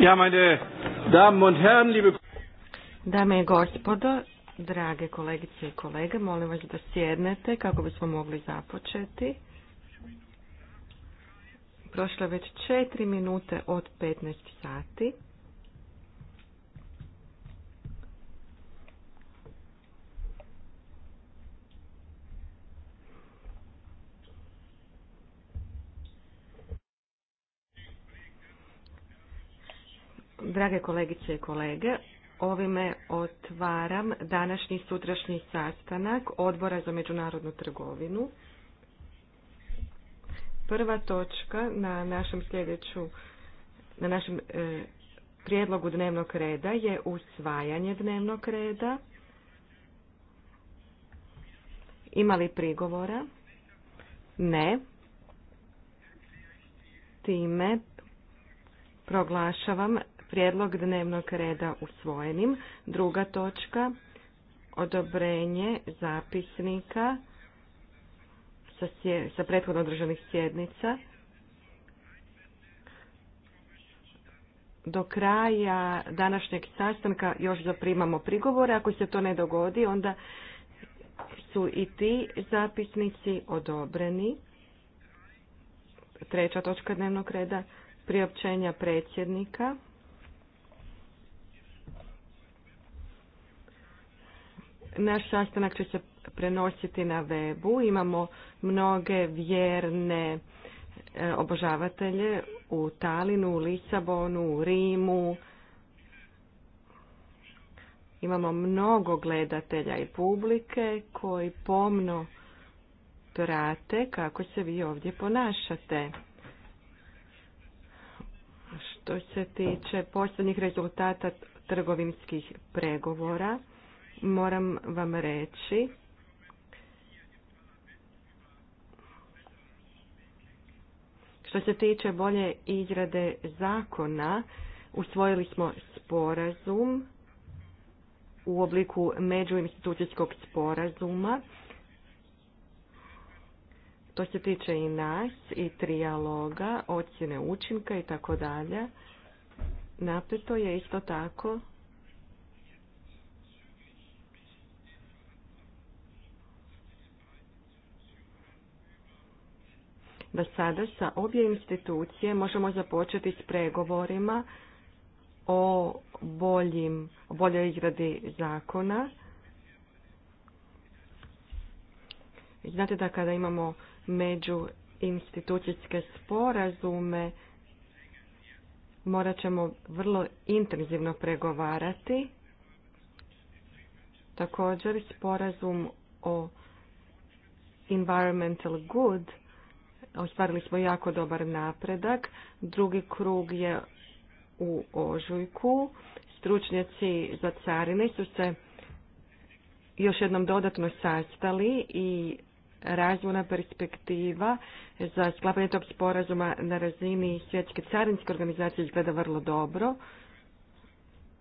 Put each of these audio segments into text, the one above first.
Ja, meine Damen und Herren, liebe Dame i gospodo, drage kolegice i kolege, molim vas da sjednete kako bismo mogli započeti. Prošlo je već četiri minute od 15 sati. Drage kolegice i kolege, ovime otvaram današnji sutrašnji sastanak Odbora za međunarodnu trgovinu. Prva točka na našem sljedeću, na našem e, prijedlogu dnevnog reda je usvajanje dnevnog reda. Ima li prigovora? Ne. Time proglašavam prijedlog dnevnog reda usvojenim. Druga točka, odobrenje zapisnika sa, prethodno održanih sjednica. Do kraja današnjeg sastanka još zaprimamo prigovore. Ako se to ne dogodi, onda su i ti zapisnici odobreni. Treća točka dnevnog reda, priopćenja predsjednika. Naš sastanak će se prenositi na webu. Imamo mnoge vjerne e, obožavatelje u Talinu, u Lisabonu, u Rimu. Imamo mnogo gledatelja i publike koji pomno prate kako se vi ovdje ponašate. Što se tiče posljednjih rezultata trgovinskih pregovora, moram vam reći Što se tiče bolje izrade zakona, usvojili smo sporazum u obliku međuinstitucijskog sporazuma. To se tiče i nas i trijaloga, ocjene učinka i tako dalje. Napeto je isto tako da sada sa obje institucije možemo započeti s pregovorima o boljim, boljoj izradi zakona. Znate da kada imamo među sporazume, morat ćemo vrlo intenzivno pregovarati. Također sporazum o environmental good ostvarili smo jako dobar napredak. Drugi krug je u ožujku. Stručnjaci za carine su se još jednom dodatno sastali i razvojna perspektiva za sklapanje tog sporazuma na razini svjetske carinske organizacije izgleda vrlo dobro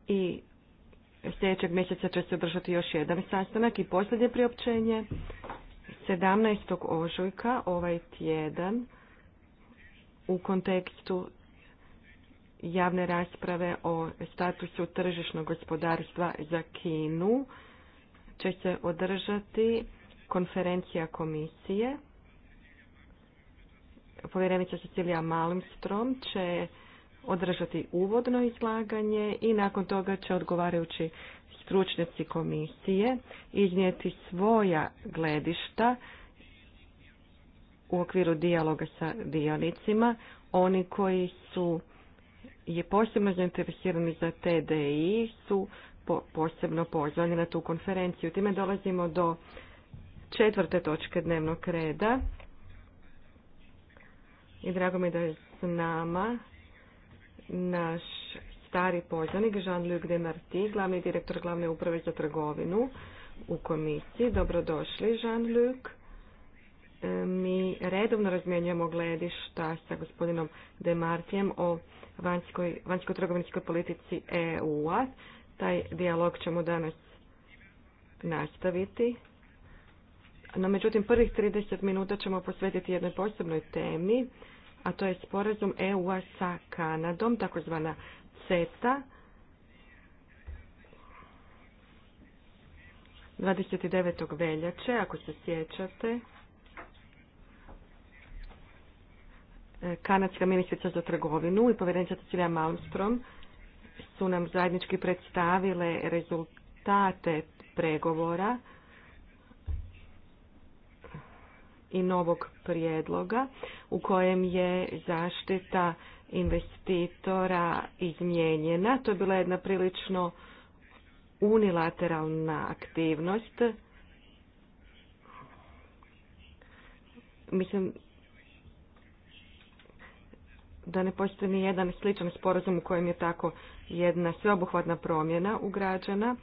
i sljedećeg mjeseca će se održati još jedan sastanak i posljednje priopćenje 17. ožujka ovaj tjedan u kontekstu javne rasprave o statusu tržišnog gospodarstva za Kinu će se održati konferencija komisije. Povjerenica Cecilija Malmstrom će održati uvodno izlaganje i nakon toga će odgovarajući stručnjaci komisije iznijeti svoja gledišta u okviru dijaloga sa dionicima. Oni koji su je posebno zainteresirani za TDI su po, posebno pozvani na tu konferenciju. Time dolazimo do četvrte točke dnevnog reda. I drago mi da je s nama naš stari poznanik Jean-Luc Demarty, glavni direktor glavne uprave za trgovinu u komisiji. Dobrodošli Jean-Luc. E, mi redovno razmjenjujemo gledišta sa gospodinom Demartijem o vanjskoj, trgovinskoj politici EU-a. Taj dijalog ćemo danas nastaviti. No, međutim, prvih 30 minuta ćemo posvetiti jednoj posebnoj temi, a to je sporazum EU-a sa Kanadom, takozvana dvadeset 29. veljače, ako se sjećate, e, kanadska ministrica za trgovinu i povjerenica Cecilia Malmstrom su nam zajednički predstavile rezultate pregovora i novog prijedloga u kojem je zaštita investitora izmijenjena. To je bila jedna prilično unilateralna aktivnost. Mislim da ne postoji ni jedan sličan sporazum u kojem je tako jedna sveobuhvatna promjena ugrađena.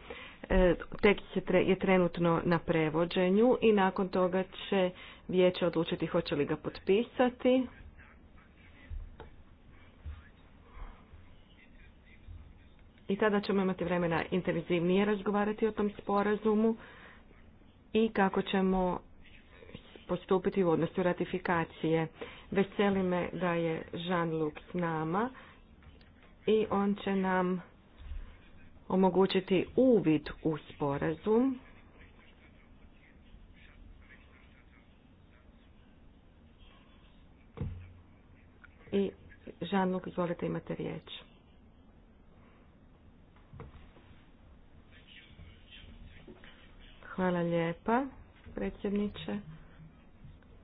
E, Tekst je trenutno na prevođenju i nakon toga će vijeće odlučiti hoće li ga potpisati. i tada ćemo imati vremena intenzivnije razgovarati o tom sporazumu i kako ćemo postupiti u odnosu ratifikacije. Veseli me da je Jean-Luc s nama i on će nam omogućiti uvid u sporazum. I Jean-Luc, izvolite, imate riječ. Hvala lijepa, predsjedniče.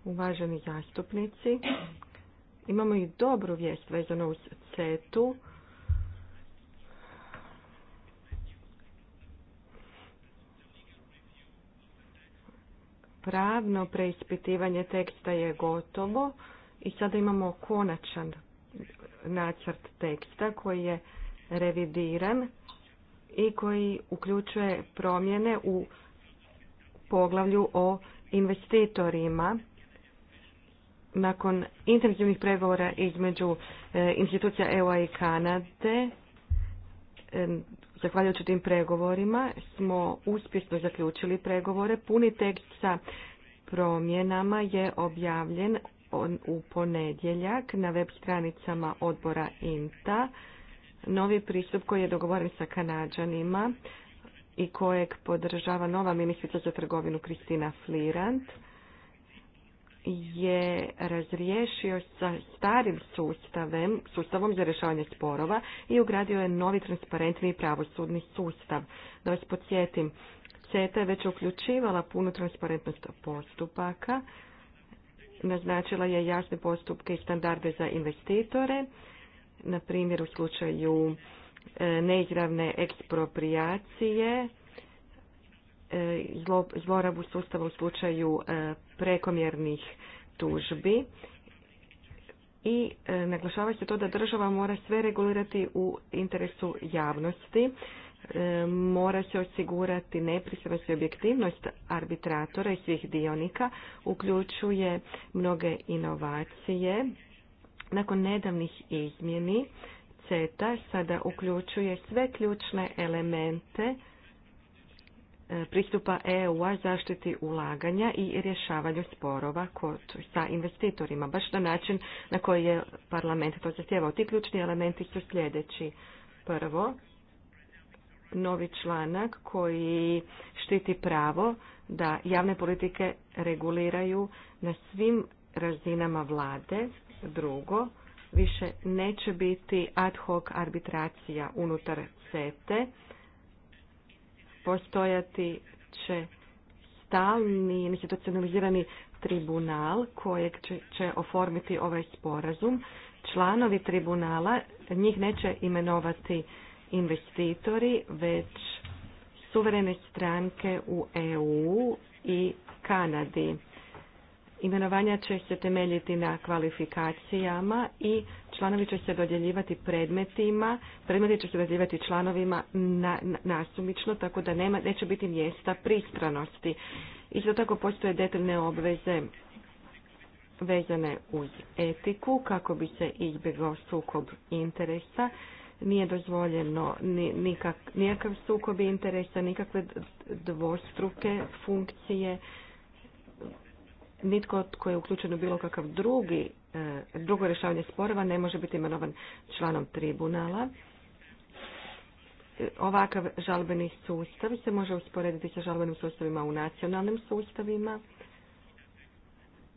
Uvaženi zastupnici, imamo i dobru vijest vezano uz CETU. Pravno preispitivanje teksta je gotovo i sada imamo konačan nacrt teksta koji je revidiran i koji uključuje promjene u poglavlju o investitorima. Nakon intenzivnih pregovora između e, institucija eu i Kanade, e, zahvaljujući tim pregovorima, smo uspješno zaključili pregovore. Puni tekst sa promjenama je objavljen u ponedjeljak na web stranicama odbora INTA. Novi pristup koji je dogovoren sa Kanadžanima i kojeg podržava nova ministrica za trgovinu Kristina Flirant je razriješio sa starim sustavem, sustavom za rješavanje sporova i ugradio je novi transparentni pravosudni sustav. Da vas podsjetim, CETA je već uključivala punu transparentnost postupaka, naznačila je jasne postupke i standarde za investitore, na primjer u slučaju E, neizravne ekspropriacije, e, zlorabu sustava u slučaju e, prekomjernih tužbi i naglašava se to da država mora sve regulirati u interesu javnosti, mora se osigurati nepristranost i objektivnost arbitratora i svih dionika, uključuje mnoge inovacije. Nakon nedavnih izmjeni sada uključuje sve ključne elemente e, pristupa EU-a zaštiti ulaganja i rješavanju sporova sa investitorima, baš na način na koji je parlament to Ti ključni elementi su sljedeći. Prvo, novi članak koji štiti pravo da javne politike reguliraju na svim razinama vlade. Drugo, više neće biti ad hoc arbitracija unutar CETE. Postojati će stalni institucionalizirani tribunal kojeg će, oformiti ovaj sporazum. Članovi tribunala njih neće imenovati investitori, već suverene stranke u EU i Kanadi. Imenovanja će se temeljiti na kvalifikacijama i članovi će se dodjeljivati predmetima, predmeti će se dodjeljivati članovima nasumično, tako da nema, neće biti mjesta pristranosti. Isto tako postoje detaljne obveze vezane uz etiku kako bi se izbjegao sukob interesa. Nije dozvoljeno nikak, nikakav sukob interesa, nikakve dvostruke funkcije nitko tko je uključen u bilo kakav drugi, e, drugo rješavanje sporova ne može biti imenovan članom tribunala. E, ovakav žalbeni sustav se može usporediti sa žalbenim sustavima u nacionalnim sustavima.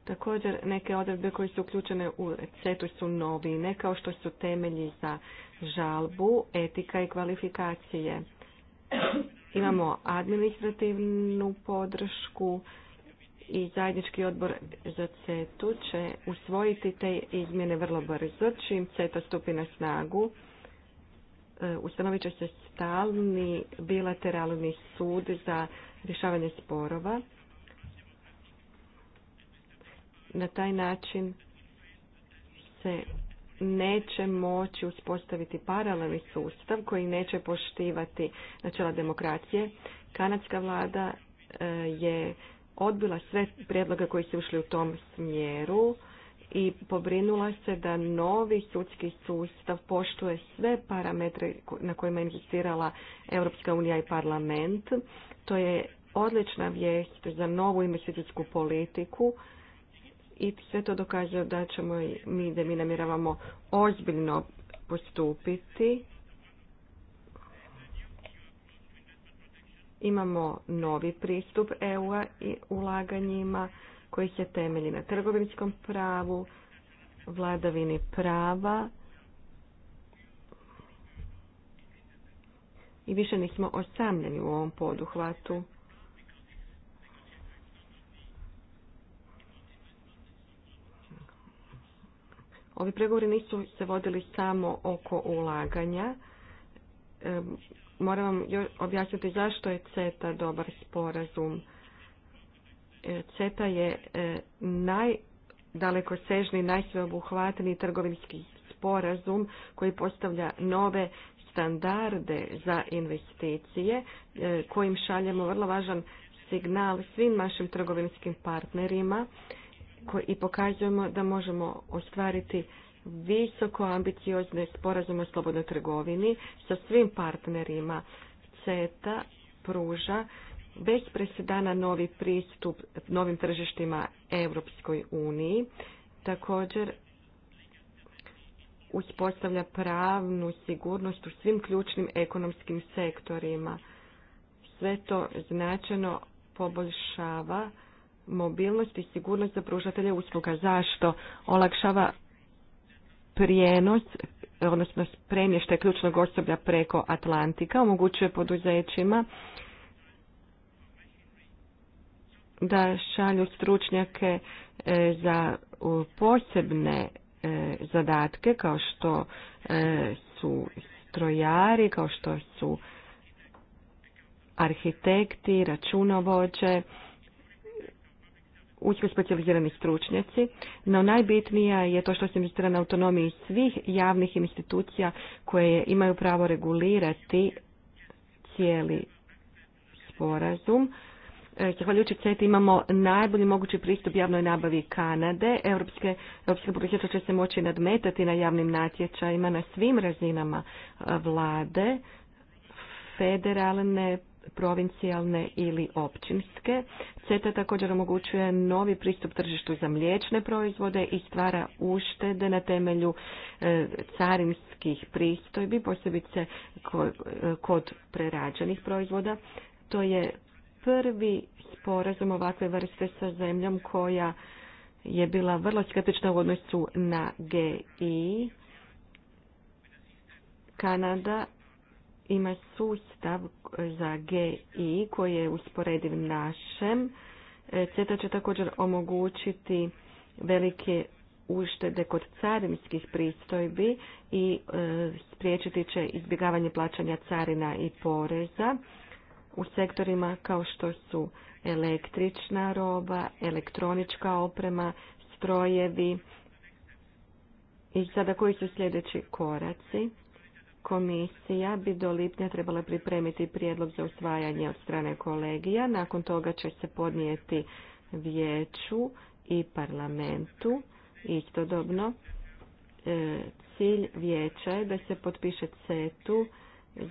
Također neke odredbe koje su uključene u CETU su novine, kao što su temelji za žalbu, etika i kvalifikacije. Imamo administrativnu podršku, i zajednički odbor za CETU će usvojiti te izmjene vrlo brzo. Čim CETA stupi na snagu, e, ustanovit će se stalni bilateralni sud za rješavanje sporova. Na taj način se neće moći uspostaviti paralelni sustav koji neće poštivati načela demokracije. Kanadska vlada e, je odbila sve prijedloge koji su ušli u tom smjeru i pobrinula se da novi sudski sustav poštuje sve parametre na kojima je inzistirala Europska unija i parlament. To je odlična vijest za novu investicijsku politiku i sve to dokazuje da ćemo mi, da mi namjeravamo ozbiljno postupiti Imamo novi pristup EU-a i ulaganjima koji se temelji na trgovinskom pravu, vladavini prava i više nismo osamljeni u ovom poduhvatu. Ovi pregovori nisu se vodili samo oko ulaganja moram vam objasniti zašto je CETA dobar sporazum. E, CETA je e, sežni, najsveobuhvatniji trgovinski sporazum koji postavlja nove standarde za investicije e, kojim šaljemo vrlo važan signal svim našim trgovinskim partnerima i pokazujemo da možemo ostvariti visoko ambiciozne sporazume o slobodnoj trgovini sa svim partnerima. CETA pruža bez presedana novi pristup novim tržištima Europskoj uniji. Također uspostavlja pravnu sigurnost u svim ključnim ekonomskim sektorima. Sve to značajno poboljšava mobilnost i sigurnost za pružatelje usluga. Zašto? Olakšava prijenos odnosno premještaj ključnog osoblja preko Atlantika omogućuje poduzećima da šalju stručnjake e, za posebne e, zadatke kao što e, su strojari, kao što su arhitekti, računovođe, usko specializirani stručnjaci, no najbitnija je to što se mislira na autonomiji svih javnih institucija koje imaju pravo regulirati cijeli sporazum. E, zahvaljujući CETI imamo najbolji mogući pristup javnoj nabavi Kanade. Europske, europske će se moći nadmetati na javnim natječajima na svim razinama e, vlade, federalne, provincijalne ili općinske. CETA također omogućuje novi pristup tržištu za mliječne proizvode i stvara uštede na temelju e, carinskih pristojbi, posebice e, kod prerađenih proizvoda. To je prvi sporazum ovakve vrste sa zemljom koja je bila vrlo skeptična u odnosu na GI. Kanada ima sustav za GI koji je usporediv našem. E, CETA će također omogućiti velike uštede kod carinskih pristojbi i e, spriječiti će izbjegavanje plaćanja carina i poreza u sektorima kao što su električna roba, elektronička oprema, strojevi. I sada koji su sljedeći koraci? komisija bi do lipnja trebala pripremiti prijedlog za usvajanje od strane kolegija. Nakon toga će se podnijeti vijeću i parlamentu. Istodobno, e, cilj vijeća je da se potpiše CETU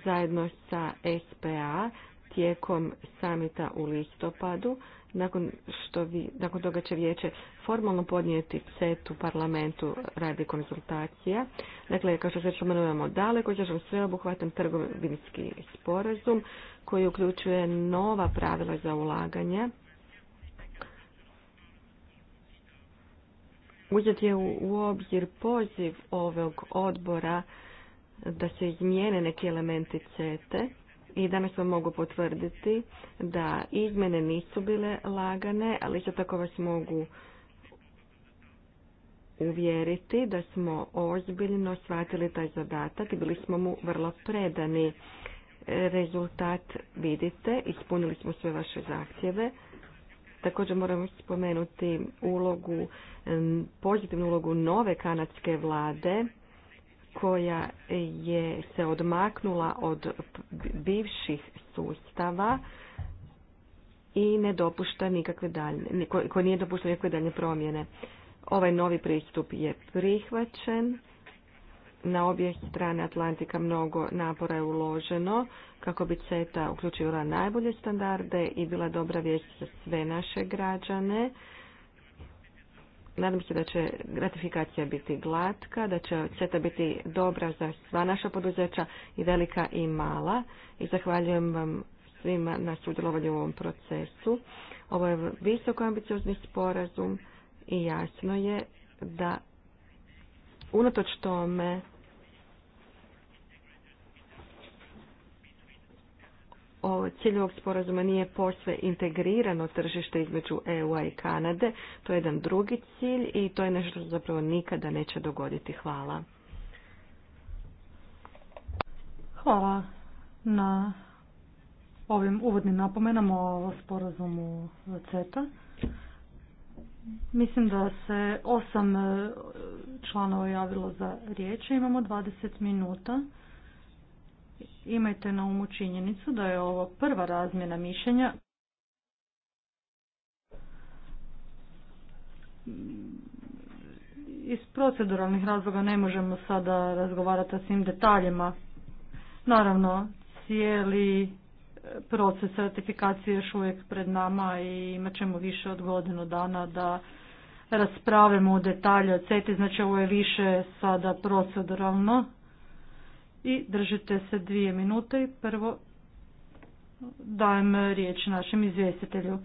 zajedno sa SPA tijekom samita u listopadu. Nakon što vi, nakon toga će vijeće formalno podnijeti CET parlamentu radi konzultacija. Dakle, kao što se spomenujemo daleko, sve sveobuhvatan trgovinski sporazum koji uključuje nova pravila za ulaganje. Uzet je u obzir poziv ovog odbora da se izmijene neki elementi CETE i danas vam mogu potvrditi da izmjene nisu bile lagane, ali isto tako vas mogu uvjeriti da smo ozbiljno shvatili taj zadatak i bili smo mu vrlo predani. Rezultat vidite, ispunili smo sve vaše zahtjeve. Također moramo spomenuti ulogu, pozitivnu ulogu nove kanadske vlade koja je se odmaknula od bivših sustava i ne dopušta nikakve daljne, koji nije dopušta nikakve daljne promjene. Ovaj novi pristup je prihvaćen. Na obje strane Atlantika mnogo napora je uloženo kako bi CETA uključila najbolje standarde i bila dobra vijest za sve naše građane. Nadam se da će gratifikacija biti glatka, da će CETA biti dobra za sva naša poduzeća i velika i mala. I zahvaljujem vam svima na sudjelovanju u ovom procesu. Ovo je visoko ambiciozni sporazum i jasno je da unatoč tome Cilj ovog sporazuma nije posve integrirano tržište između EU-a i Kanade. To je jedan drugi cilj i to je nešto što zapravo nikada neće dogoditi. Hvala. Hvala na ovim uvodnim napomenama o sporazumu CETA. Mislim da se osam e, članova javilo za riječ. Imamo 20 minuta. Imajte na umu činjenicu da je ovo prva razmjena mišljenja iz proceduralnih razloga ne možemo sada razgovarati o svim detaljima. Naravno, cijeli eh, proces ratifikacije još uvijek pred nama i imat ćemo više od godinu dana da raspravimo u detalje o CETI, znači ovo je više sada proceduralno i držite se dvije minute i prvo dajem riječ našem izvjestitelju.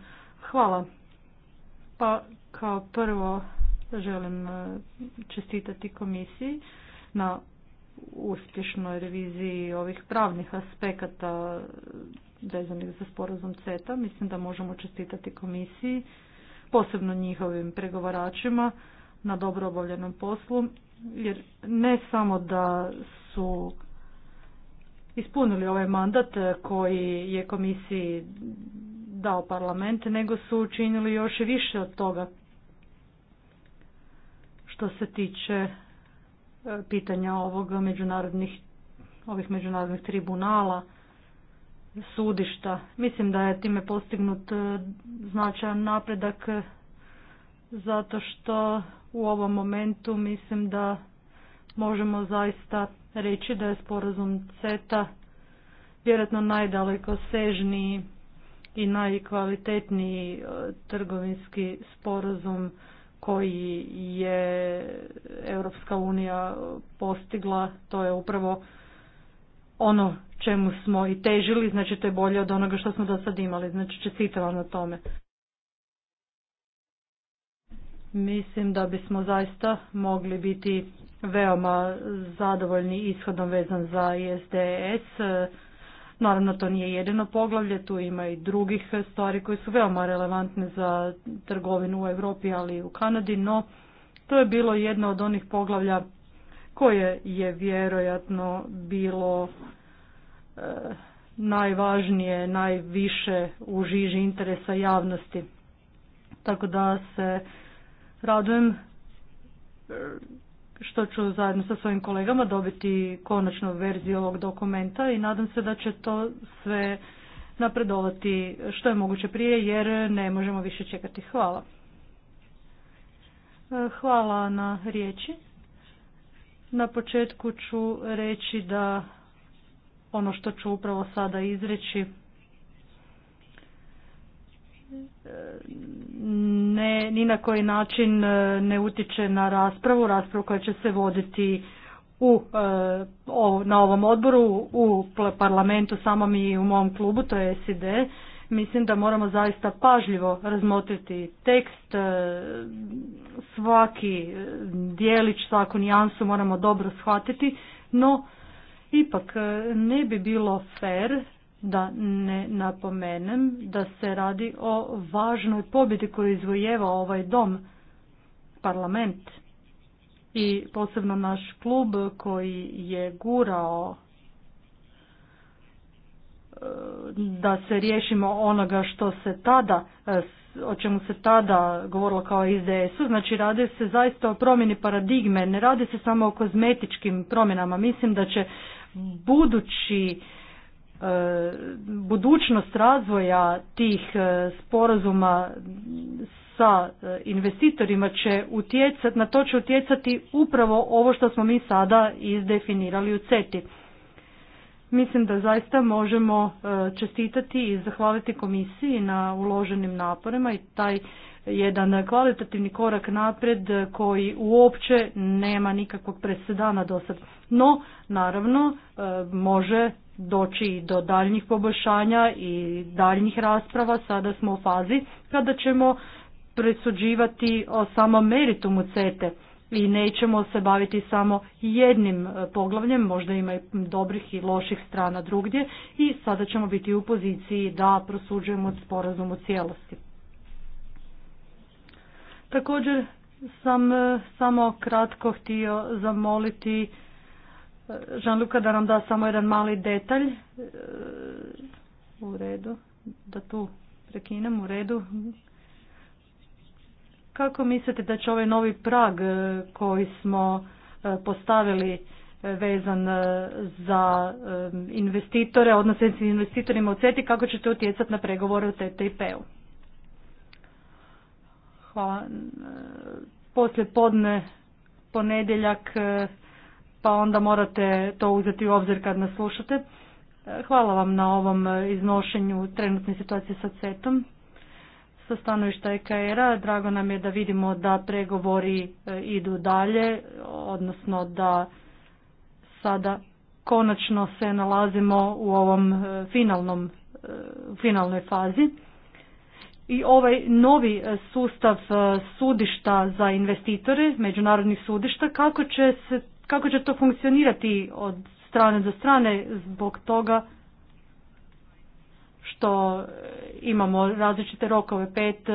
Hvala. Pa kao prvo želim e, čestitati komisiji na uspješnoj reviziji ovih pravnih aspekata vezanih za sporazum CETA. Mislim da možemo čestitati komisiji, posebno njihovim pregovaračima na dobro obavljenom poslu, jer ne samo da su ispunili ovaj mandat e, koji je komisiji dao parlament, nego su učinili još više od toga što se tiče e, pitanja ovog međunarodnih, ovih međunarodnih tribunala, sudišta. Mislim da je time postignut e, značajan napredak zato što u ovom momentu mislim da možemo zaista reći da je sporazum CETA vjerojatno najdaleko sežniji i najkvalitetniji e, trgovinski sporazum koji je Europska unija postigla, to je upravo ono čemu smo i težili, znači to je bolje od onoga što smo do sad imali, znači čestitam vam na tome. Mislim da bismo zaista mogli biti veoma zadovoljni ishodom vezan za ISDS. Naravno, to nije jedino poglavlje, tu ima i drugih stvari koje su veoma relevantne za trgovinu u Europi, ali i u Kanadi, no to je bilo jedno od onih poglavlja koje je vjerojatno bilo e, najvažnije, najviše u žiži interesa javnosti. Tako da se radujem e, što ću zajedno sa svojim kolegama dobiti konačnu verziju ovog dokumenta i nadam se da će to sve napredovati što je moguće prije jer ne možemo više čekati. Hvala. E, hvala na riječi. Na početku ću reći da ono što ću upravo sada izreći ne, ni na koji način e, ne utječe na raspravu, raspravu koja će se voditi u, e, na ovom odboru, u parlamentu samom i u mom klubu, to je SID. Mislim da moramo zaista pažljivo razmotriti tekst, e, svaki dijelić, svaku nijansu moramo dobro shvatiti, no ipak ne bi bilo fer da ne napomenem da se radi o važnoj pobjedi koju izvojeva ovaj dom, parlament i posebno naš klub koji je gurao e, da se riješimo onoga što se tada, e, o čemu se tada govorilo kao IDS-u, znači radi se zaista o promjeni paradigme, ne radi se samo o kozmetičkim promjenama. Mislim da će budući E, budućnost razvoja tih e, sporazuma sa e, investitorima će utjecati, na to će utjecati upravo ovo što smo mi sada izdefinirali u CETI. Mislim da zaista možemo čestitati i zahvaliti komisiji na uloženim naporima i taj jedan kvalitativni korak napred koji uopće nema nikakvog presedana do sad. No, naravno, može doći do daljnjih poboljšanja i daljnjih rasprava. Sada smo u fazi kada ćemo presuđivati o samom meritumu CETE i nećemo se baviti samo jednim e, poglavljem, možda ima i dobrih i loših strana drugdje i sada ćemo biti u poziciji da prosuđujemo sporazum u cijelosti. Također sam e, samo kratko htio zamoliti Luka da nam da samo jedan mali detalj. E, u redu, da tu prekinem, u redu. Kako mislite da će ovaj novi prag e, koji smo e, postavili vezan za investitore, odnosno s investitorima u CETI, kako će to utjecati na pregovore u TTIP-u? Hvala. Poslije podne, ponedjeljak, pa onda morate to uzeti u obzir kad nas slušate. E, hvala vam na ovom e, iznošenju trenutne situacije sa CET-om. Sa stanovišta EKR-a drago nam je da vidimo da pregovori e, idu dalje, odnosno da sada konačno se nalazimo u ovom finalnom, finalnoj fazi. I ovaj novi sustav sudišta za investitore, međunarodnih sudišta, kako će se kako će to funkcionirati od strane za strane zbog toga što imamo različite rokove, pet e,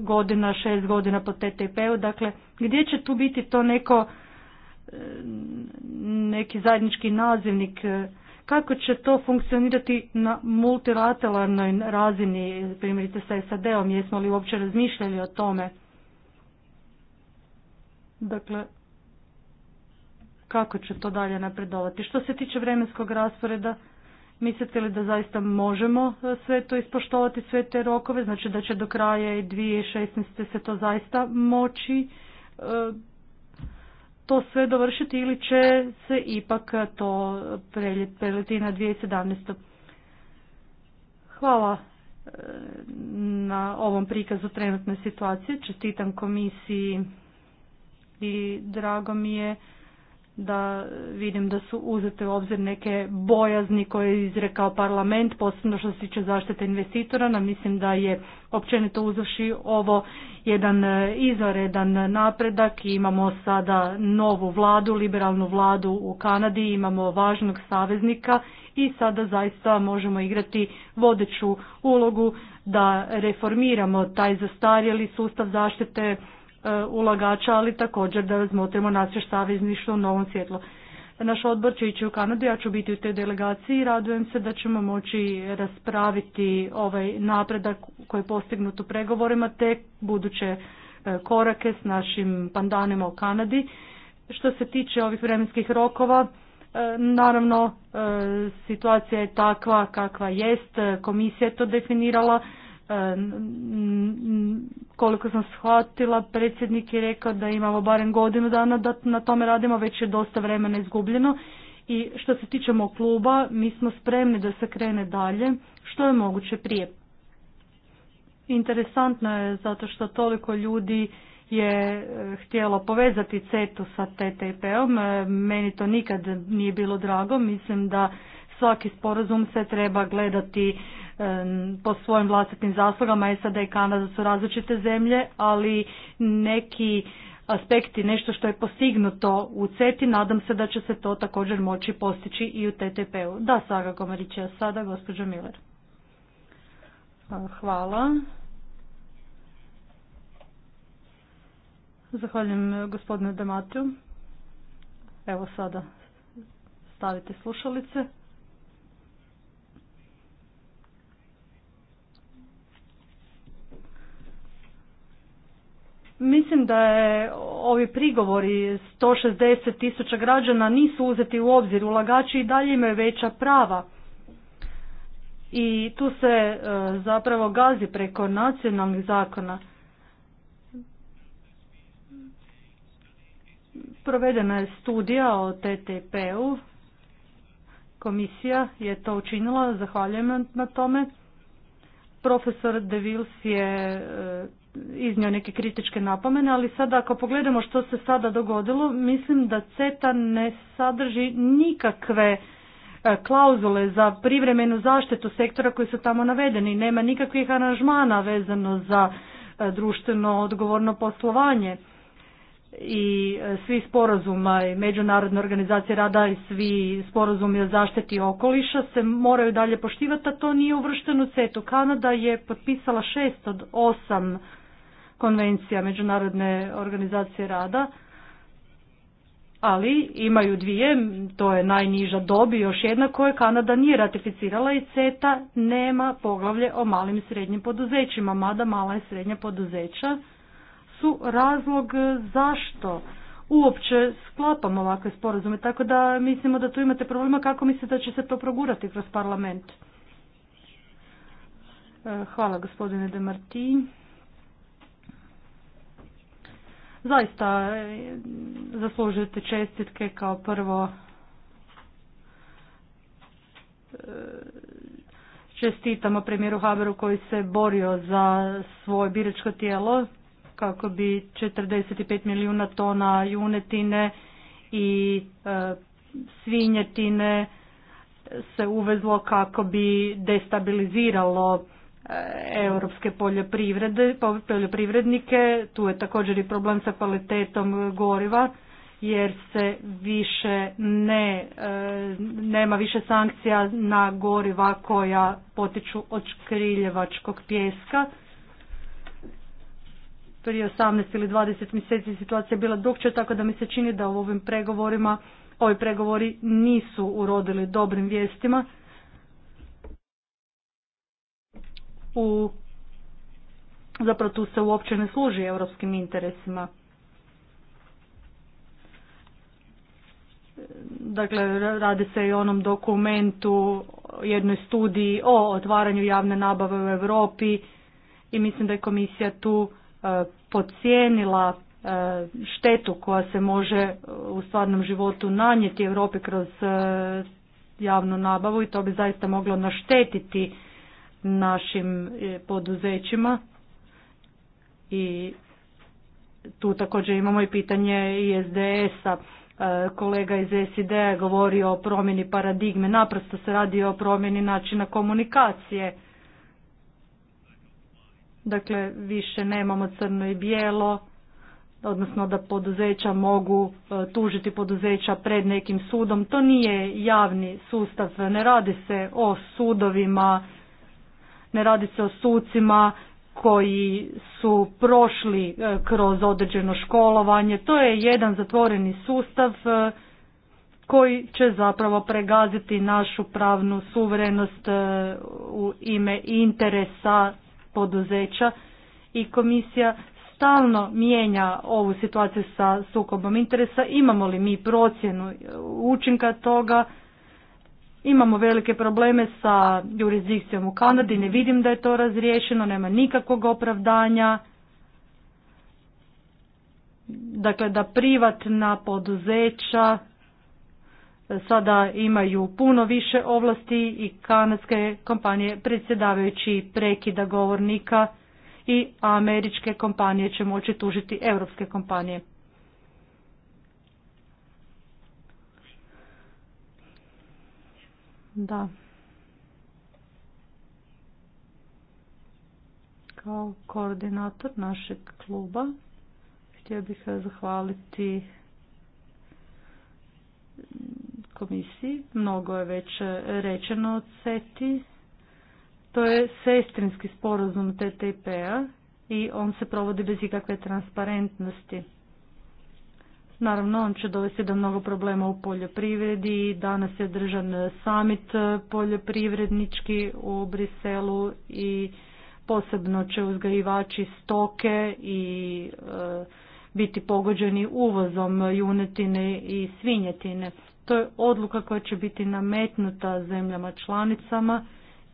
godina, šest godina po TTP-u, dakle gdje će tu biti to neko e, neki zajednički nazivnik kako će to funkcionirati na multilateralnoj razini, primjerice sa SAD-om, jesmo li uopće razmišljali o tome? Dakle, kako će to dalje napredovati. Što se tiče vremenskog rasporeda, mislite li da zaista možemo e, sve to ispoštovati, sve te rokove, znači da će do kraja 2016. se to zaista moći e, to sve dovršiti ili će se ipak to preliti na 2017. Hvala e, na ovom prikazu trenutne situacije. Čestitam komisiji i drago mi je da vidim da su uzete u obzir neke bojazni koje je izrekao parlament, posebno što se tiče zaštite investitora, na mislim da je općenito uzavši ovo jedan e, izvanredan napredak i imamo sada novu vladu, liberalnu vladu u Kanadi, imamo važnog saveznika i sada zaista možemo igrati vodeću ulogu da reformiramo taj zastarjeli sustav zaštite E, ulagača, ali također da razmotrimo naše savezništvo u novom svjetlu. Naš odbor će ići u Kanadu, ja ću biti u toj delegaciji i radujem se da ćemo moći raspraviti ovaj napredak koji je postignut u pregovorima te buduće e, korake s našim pandanima u Kanadi. Što se tiče ovih vremenskih rokova, e, naravno situacija je takva kakva jest, komisija je to definirala, E, koliko sam shvatila, predsjednik je rekao da imamo barem godinu dana da na tome radimo, već je dosta vremena izgubljeno. I što se tiče mog kluba, mi smo spremni da se krene dalje, što je moguće prije. Interesantno je zato što toliko ljudi je e, htjelo povezati CETU sa TTP-om. E, meni to nikad nije bilo drago. Mislim da svaki sporazum se treba gledati po svojim vlastitim zaslugama. SAD i Kanada su različite zemlje, ali neki aspekti, nešto što je postignuto u CETI, nadam se da će se to također moći postići i u TTP-u. Da, Saga Komarića, sada gospođa Miller. Hvala. Zahvaljujem eh, gospodinu Dematiju. Evo sada stavite slušalice. Mislim da je ovi prigovori 160 tisuća građana nisu uzeti u obzir. Ulagači i dalje imaju veća prava. I tu se e, zapravo gazi preko nacionalnih zakona. Provedena je studija o TTP-u. Komisija je to učinila, zahvaljujem na tome. Profesor De Vils je e, iznio neke kritičke napomene, ali sada ako pogledamo što se sada dogodilo, mislim da CETA ne sadrži nikakve e, klauzule za privremenu zaštitu sektora koji su tamo navedeni, nema nikakvih aranžmana vezano za e, društveno odgovorno poslovanje i e, svi sporazuma i Međunarodne organizacije rada i svi sporazumi o zaštiti okoliša se moraju dalje poštivati, a to nije uvršteno u CETU. Kanada je potpisala šest od osam konvencija Međunarodne organizacije rada, ali imaju dvije, to je najniža dobi, još jedna koje Kanada nije ratificirala i CETA nema poglavlje o malim i srednjim poduzećima, mada mala i srednja poduzeća su razlog zašto uopće sklapamo ovakve sporazume, tako da mislimo da tu imate problema kako mislite da će se to progurati kroz parlament. E, hvala gospodine Demartin. Zaista e, zaslužujete čestitke kao prvo e, čestitamo premijeru Haberu koji se borio za svoje biračko tijelo kako bi 45 milijuna tona junetine i e, svinjetine se uvezlo kako bi destabiliziralo E, europske poljoprivrede, poljoprivrednike. Tu je također i problem sa kvalitetom goriva jer se više ne, e, nema više sankcija na goriva koja potiču od škriljevačkog pjeska. Prije 18 ili 20 mjeseci situacija je bila drukčija, tako da mi se čini da u ovim pregovorima, ovi pregovori nisu urodili dobrim vijestima u zapravo tu se uopće ne služi europskim interesima. Dakle, radi se i o onom dokumentu, jednoj studiji o otvaranju javne nabave u Europi i mislim da je komisija tu e, podcijenila e, štetu koja se može e, u stvarnom životu nanijeti Europi kroz javnu nabavu i to bi zaista moglo naštetiti našim e, poduzećima i tu također imamo i pitanje ISDS-a. E, kolega iz SID-a je govorio o promjeni paradigme, naprosto se radi o promjeni načina komunikacije. Dakle, više nemamo crno i bijelo, odnosno da poduzeća mogu e, tužiti poduzeća pred nekim sudom. To nije javni sustav, ne radi se o sudovima ne radi se o sucima koji su prošli e, kroz određeno školovanje. To je jedan zatvoreni sustav e, koji će zapravo pregaziti našu pravnu suverenost e, u ime interesa poduzeća i komisija stalno mijenja ovu situaciju sa sukobom interesa. Imamo li mi procjenu učinka toga? Imamo velike probleme sa jurisdikcijom u Kanadi, ne vidim da je to razriješeno, nema nikakvog opravdanja. Dakle, da privatna poduzeća sada imaju puno više ovlasti i kanadske kompanije predsjedavajući prekida govornika i američke kompanije će moći tužiti europske kompanije. Da. Kao koordinator našeg kluba htio bih eh, zahvaliti mm, komisiji. Mnogo je već eh, rečeno od SETI. To je sestrinski sporazum TTIP-a i on se provodi bez ikakve transparentnosti. Naravno, on će dovesti do mnogo problema u poljoprivredi. Danas je držan summit eh, poljoprivrednički u Briselu i posebno će uzgajivači stoke i eh, biti pogođeni uvozom junetine i svinjetine. To je odluka koja će biti nametnuta zemljama članicama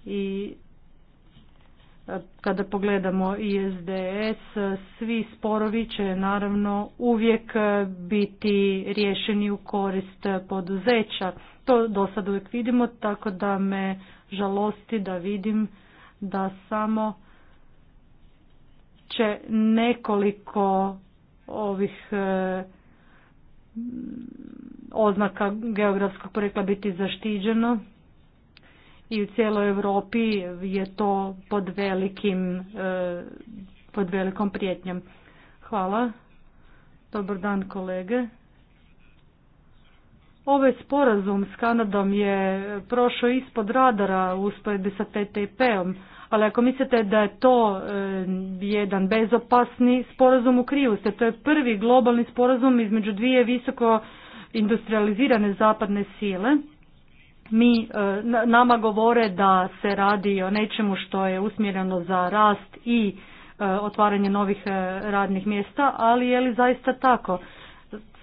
i kada pogledamo ISDS, svi sporovi će naravno uvijek biti riješeni u korist poduzeća. To do uvijek vidimo, tako da me žalosti da vidim da samo će nekoliko ovih e, oznaka geografskog porekla biti zaštiđeno i u cijeloj Europi je to pod velikim e, pod velikom prijetnjom. Hvala. Dobar dan kolege. Ovaj sporazum s Kanadom je prošao ispod radara u usporedbi sa TTIP-om, ali ako mislite da je to e, jedan bezopasni sporazum u krivu ste, to je prvi globalni sporazum između dvije visoko industrializirane zapadne sile mi e, nama govore da se radi o nečemu što je usmjereno za rast i e, otvaranje novih e, radnih mjesta, ali je li zaista tako?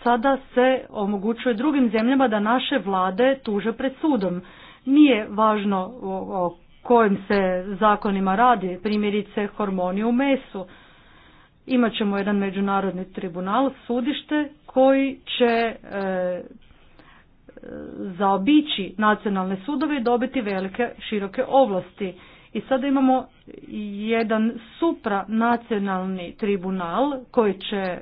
Sada se omogućuje drugim zemljama da naše vlade tuže pred sudom. Nije važno o kojim se zakonima radi, primjerice hormoni u mesu. Imaćemo jedan međunarodni tribunal, sudište koji će zaobići nacionalne sudove i dobiti velike široke ovlasti. I sada imamo jedan supranacionalni tribunal koji će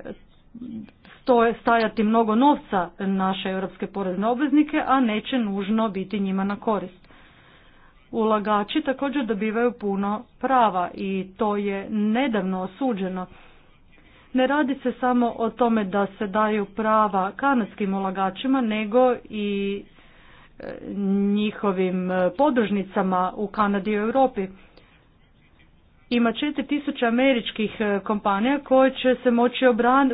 stoje, stajati mnogo novca naše europske porezne obveznike, a neće nužno biti njima na korist. Ulagači također dobivaju puno prava i to je nedavno osuđeno. Ne radi se samo o tome da se daju prava kanadskim ulagačima, nego i e, njihovim e, podružnicama u Kanadi i u Europi. Ima 4000 američkih e, kompanija koje će se moći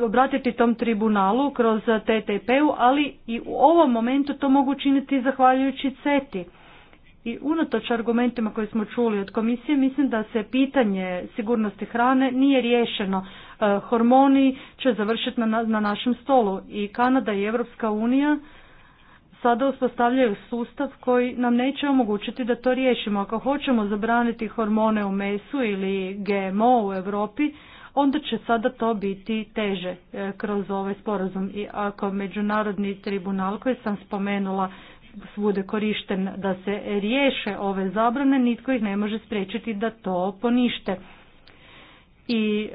obratiti tom tribunalu kroz TTP-u, ali i u ovom momentu to mogu činiti zahvaljujući CETI. I unatoč argumentima koje smo čuli od komisije, mislim da se pitanje sigurnosti hrane nije riješeno, E, hormoni će završiti na, na našem stolu i Kanada i Evropska unija sada uspostavljaju sustav koji nam neće omogućiti da to riješimo. Ako hoćemo zabraniti hormone u mesu ili GMO u Europi, onda će sada to biti teže e, kroz ovaj sporazum. I ako Međunarodni tribunal koji sam spomenula bude korišten da se riješe ove zabrane, nitko ih ne može spriječiti da to ponište i e,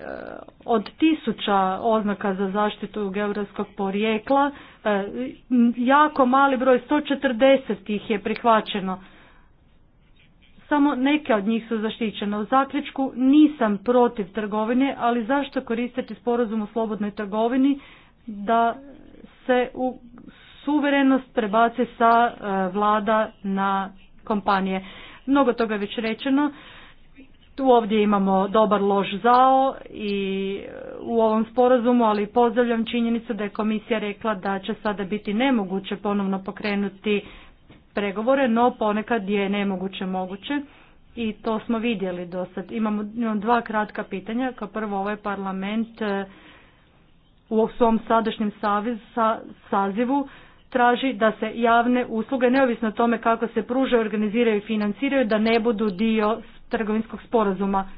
od tisuća oznaka za zaštitu geografskog porijekla e, jako mali broj 140 ih je prihvaćeno samo neke od njih su zaštićene. U zaključku nisam protiv trgovine, ali zašto koristiti sporazum o slobodnoj trgovini da se u suverenost prebace sa e, vlada na kompanije. Mnogo toga je već rečeno. Tu ovdje imamo dobar loš zao i e, u ovom sporazumu, ali pozdravljam činjenicu da je komisija rekla da će sada biti nemoguće ponovno pokrenuti pregovore, no ponekad je nemoguće moguće i to smo vidjeli do sad. Imamo, dva kratka pitanja. Kao prvo ovaj parlament e, u svom sadašnjem sa, sazivu traži da se javne usluge, neovisno o tome kako se pružaju, organiziraju i financiraju, da ne budu dio trgovinskog sporazuma.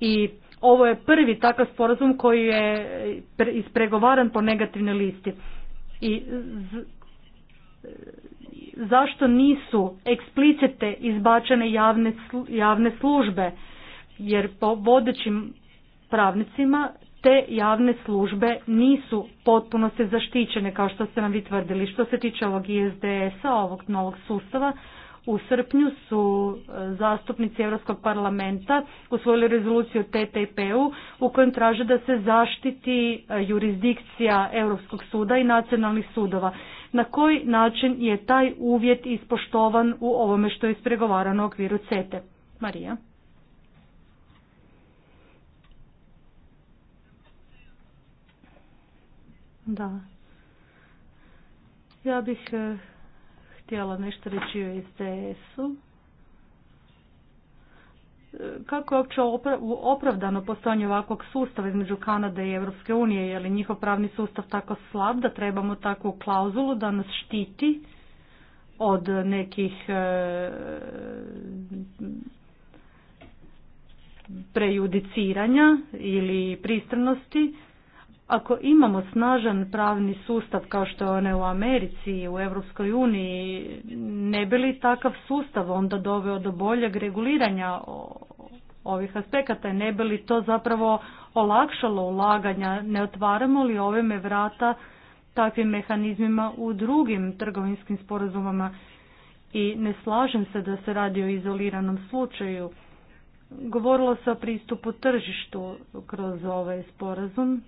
I ovo je prvi takav sporazum koji je e, ispregovaran po negativnoj listi. I e, zašto nisu eksplicite izbačene javne, javne službe? Jer po vodećim pravnicima te javne službe nisu potpuno se zaštićene kao što ste nam vi tvrdili. Što se tiče ovog ISDS-a, ovog novog sustava, u srpnju su e, zastupnici Europskog parlamenta usvojili rezoluciju TTIP-u u kojem traže da se zaštiti e, jurisdikcija Europskog suda i nacionalnih sudova. Na koji način je taj uvjet ispoštovan u ovome što je ispregovarano u okviru CETE? Marija. Da. Ja bih e, htjela nešto reći o sds u Kako je uopće opravdano postojanje ovakvog sustava između Kanade i Europske unije? Je li njihov pravni sustav tako slab da trebamo takvu klauzulu da nas štiti od nekih e, prejudiciranja ili pristranosti? ako imamo snažan pravni sustav kao što je one u Americi i u Europskoj uniji, ne bi li takav sustav onda doveo do boljeg reguliranja ovih aspekata i ne bi li to zapravo olakšalo ulaganja, ne otvaramo li ovime vrata takvim mehanizmima u drugim trgovinskim sporazumama i ne slažem se da se radi o izoliranom slučaju. Govorilo se o pristupu tržištu kroz ovaj sporazum,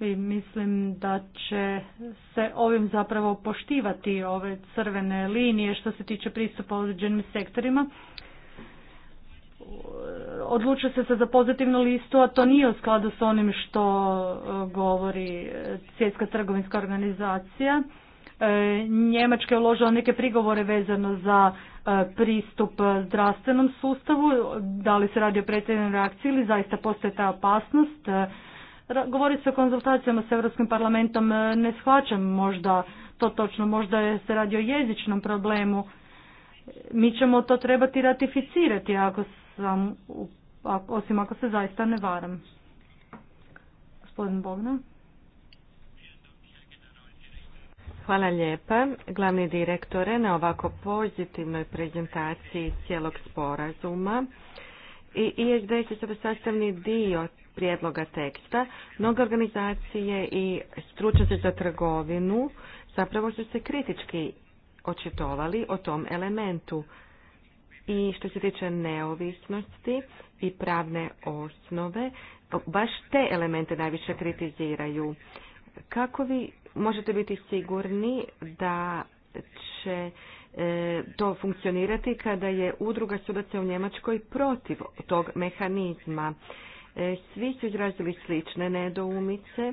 i mislim da će se ovim zapravo poštivati ove crvene linije što se tiče pristupa određenim sektorima. Odlučio se za pozitivnu listu, a to nije u skladu s onim što e, govori Svjetska trgovinska organizacija. E, Njemačka je uložila neke prigovore vezano za e, pristup zdravstvenom sustavu, da li se radi o pretjednoj reakciji ili zaista postoje ta opasnost Govori se o konzultacijama s Europskim parlamentom, e, ne shvaćam možda to točno, možda je se radi o jezičnom problemu. E, mi ćemo to trebati ratificirati, ako sam, osim ako se zaista ne varam. Gospodin Bogna. Hvala lijepa, glavni direktore, na ovako pozitivnoj prezentaciji cijelog sporazuma. I ISD će sastavni dio prijedloga teksta. Mnoge organizacije i stručnjaci za trgovinu zapravo su se kritički očitovali o tom elementu. I što se tiče neovisnosti i pravne osnove, baš te elemente najviše kritiziraju. Kako vi možete biti sigurni da će e, to funkcionirati kada je udruga sudaca u Njemačkoj protiv tog mehanizma? E, svi su izrazili slične nedoumice,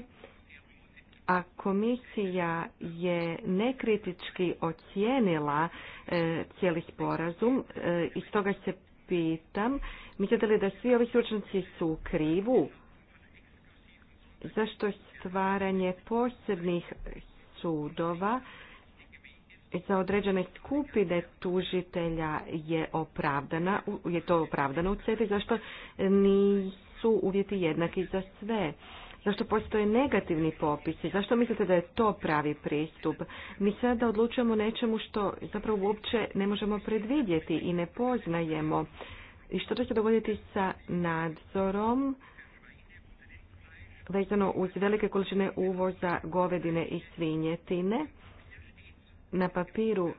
a komisija je nekritički ocijenila e, cijeli sporazum e, i stoga se pitam, mislite li da svi ovi stručnjaci su u krivu? Zašto stvaranje posebnih sudova za određene skupine tužitelja je opravdana, je to opravdano u sebi, zašto nisu su uvjeti jednaki za sve? Zašto postoje negativni popisi? Zašto mislite da je to pravi pristup? Mi sada odlučujemo nečemu što zapravo uopće ne možemo predvidjeti i ne poznajemo. I što će se dogoditi sa nadzorom vezano uz velike količine uvoza govedine i svinjetine? Na papiru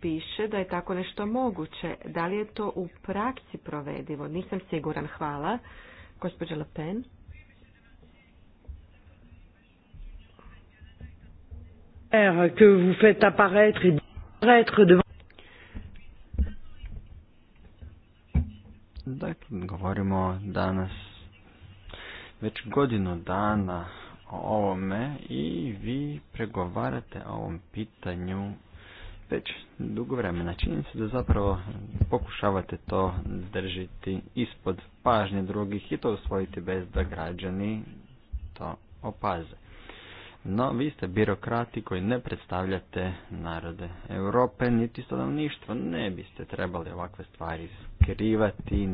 piše da je tako nešto moguće. Da li je to u praksi provedivo? Nisam siguran. Hvala. Gospođa Le Pen. que vous faites apparaître et disparaître devant Dakle, govorimo danas već godinu dana o ovome i vi pregovarate o ovom pitanju već dugo vremena. Čini se da zapravo pokušavate to držiti ispod pažnje drugih i to usvojiti bez da građani to opaze. No, vi ste birokrati koji ne predstavljate narode Europe, niti stanovništvo. Ne biste trebali ovakve stvari skrivati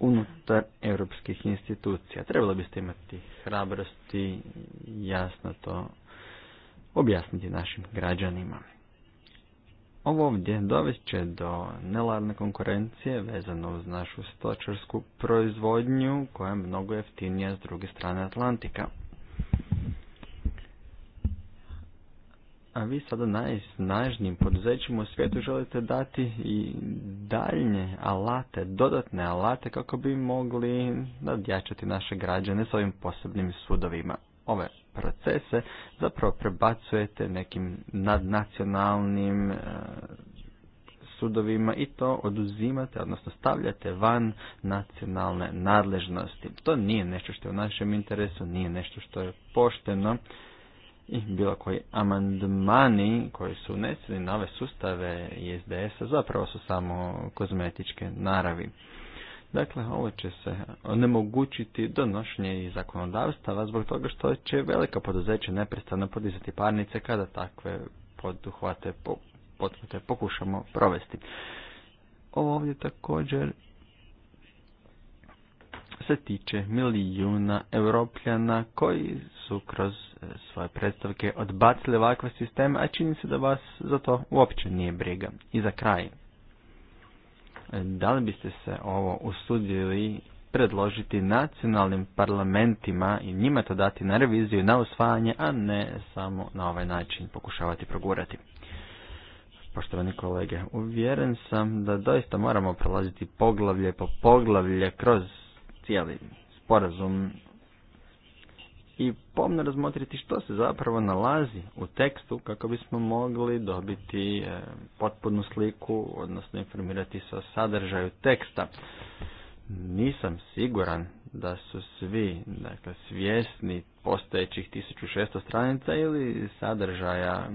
unutar europskih institucija. Trebalo biste imati hrabrosti jasno to objasniti našim građanima. Ovo ovdje dovest će do nelarne konkurencije vezano uz našu stočarsku proizvodnju koja je mnogo jeftinija s druge strane Atlantika. A vi sada najsnažnijim poduzećima u svijetu želite dati i daljnje alate, dodatne alate kako bi mogli nadjačati naše građane s ovim posebnim sudovima. Ove procese zapravo prebacujete nekim nadnacionalnim e, sudovima i to oduzimate, odnosno stavljate van nacionalne nadležnosti. To nije nešto što je u našem interesu, nije nešto što je pošteno i bilo koji amandmani koji su uneseni na ove sustave ISDS-a zapravo su samo kozmetičke naravi. Dakle, ovo će se onemogućiti donošenje i zakonodavstava zbog toga što će velika poduzeća neprestano podizati parnice kada takve poduhvate, pokušamo provesti. Ovo ovdje također se tiče milijuna europljana koji su kroz e, svoje predstavke odbacili ovakve sisteme, a čini se da vas za to uopće nije briga. I za kraj, da li biste se ovo usudili predložiti nacionalnim parlamentima i njima to dati na reviziju, na usvajanje, a ne samo na ovaj način pokušavati progurati. Poštovani kolege, uvjeren sam da doista moramo prolaziti poglavlje po poglavlje kroz cijeli sporazum i pomno razmotriti što se zapravo nalazi u tekstu kako bismo mogli dobiti e, potpunu sliku, odnosno informirati se o sadržaju teksta. Nisam siguran da su svi dakle, svjesni postojećih 1600 stranica ili sadržaja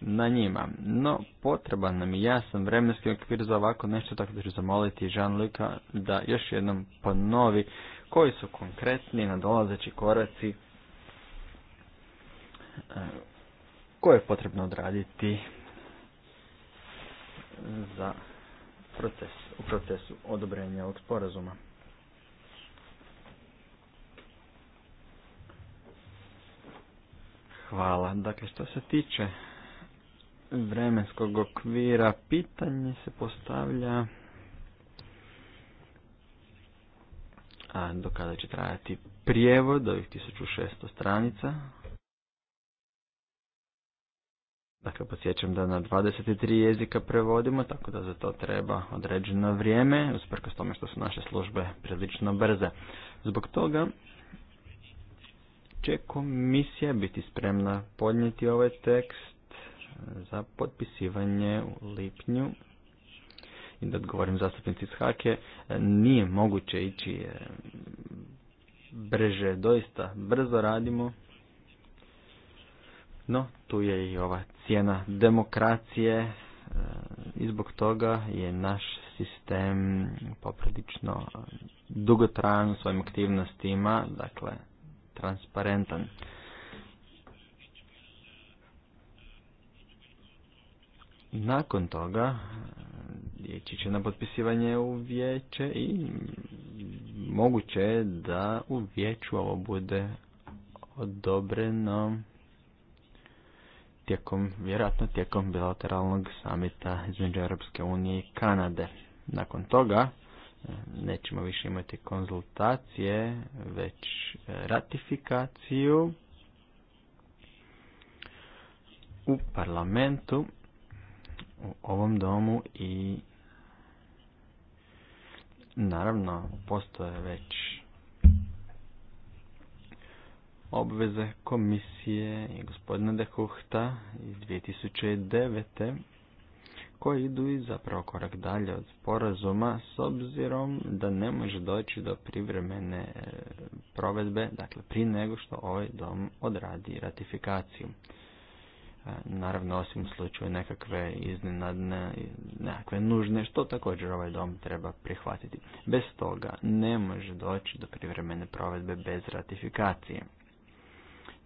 na njima. No, potreban nam i jasan vremenski okvir za ovako nešto, tako da ću zamoliti Žanlika da još jednom ponovi koji su konkretni nadolazeći koraci koje je potrebno odraditi e, za proces, u procesu odobrenja ovog sporazuma. Hvala. Dakle, što se tiče vremenskog okvira, pitanje se postavlja a do kada će trajati prijevod ovih 1600 stranica Dakle, podsjećam da na 23 jezika prevodimo, tako da za to treba određeno vrijeme, usprkos tome što su naše službe prilično brze. Zbog toga će komisija biti spremna podnijeti ovaj tekst za potpisivanje u lipnju. I da odgovorim zastupnici iz Hake, nije moguće ići eh, brže, doista brzo radimo no, tu je i ova cijena demokracije e, i zbog toga je naš sistem poprilično dugotrajan u svojim aktivnostima, dakle transparentan. Nakon toga e, ići će na potpisivanje u vijeće i moguće je da u vijeću ovo bude odobreno tijekom, vjerojatno tijekom bilateralnog samita između Europske unije i Kanade. Nakon toga e, nećemo više imati konzultacije, već ratifikaciju u parlamentu, u ovom domu i naravno postoje već obveze komisije i gospodina Huchta iz 2009 koji idu i zapravo korak dalje od sporazuma s obzirom da ne može doći do privremene e, provedbe, dakle prije nego što ovaj dom odradi ratifikaciju. E, naravno, osim u slučaju nekakve iznenadne, nekakve nužne, što također ovaj dom treba prihvatiti. Bez toga ne može doći do privremene provedbe bez ratifikacije.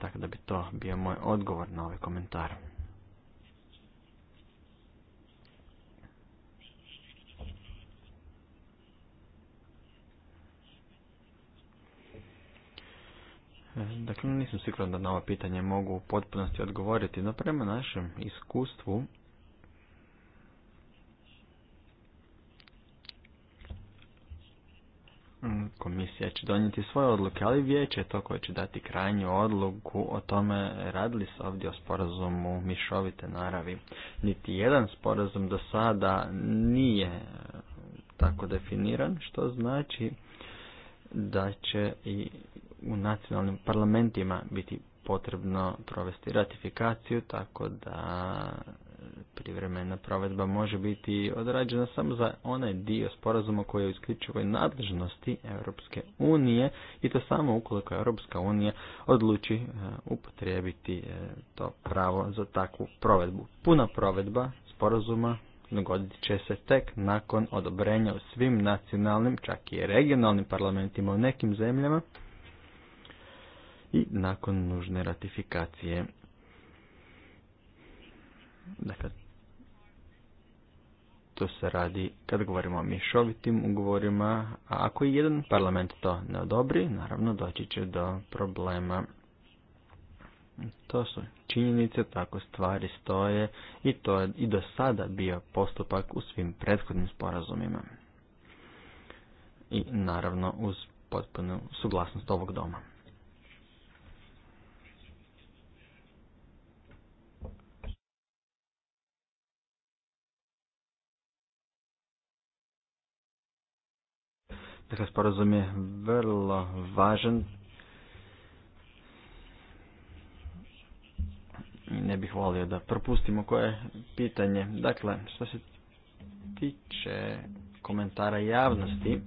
Tako da bi to bio moj odgovor na ovaj komentar. E, dakle, nisam siguran da na ovo pitanje mogu u potpunosti odgovoriti, no prema našem iskustvu Mm, komisija će donijeti svoje odluke, ali vijeće je to koje će dati krajnju odluku o tome radili se ovdje o sporazumu mišovite naravi. Niti jedan sporazum do sada nije e, tako definiran, što znači da će i u nacionalnim parlamentima biti potrebno provesti ratifikaciju, tako da privremena provedba može biti odrađena samo za onaj dio sporazuma koji je u isključivoj nadležnosti Europske unije i to samo ukoliko Europska unija odluči e, upotrijebiti e, to pravo za takvu provedbu. Puna provedba sporazuma dogodit će se tek nakon odobrenja u svim nacionalnim, čak i regionalnim parlamentima u nekim zemljama i nakon nužne ratifikacije Dakle, to se radi kad govorimo o mišovitim ugovorima, a ako jedan parlament to ne odobri, naravno doći će do problema. To su činjenice, tako stvari stoje i to je i do sada bio postupak u svim prethodnim sporazumima. I naravno uz potpunu suglasnost ovog doma. Dakle, sporazum je vrlo važan. Ne bih volio da propustimo koje pitanje. Dakle, što se tiče komentara javnosti,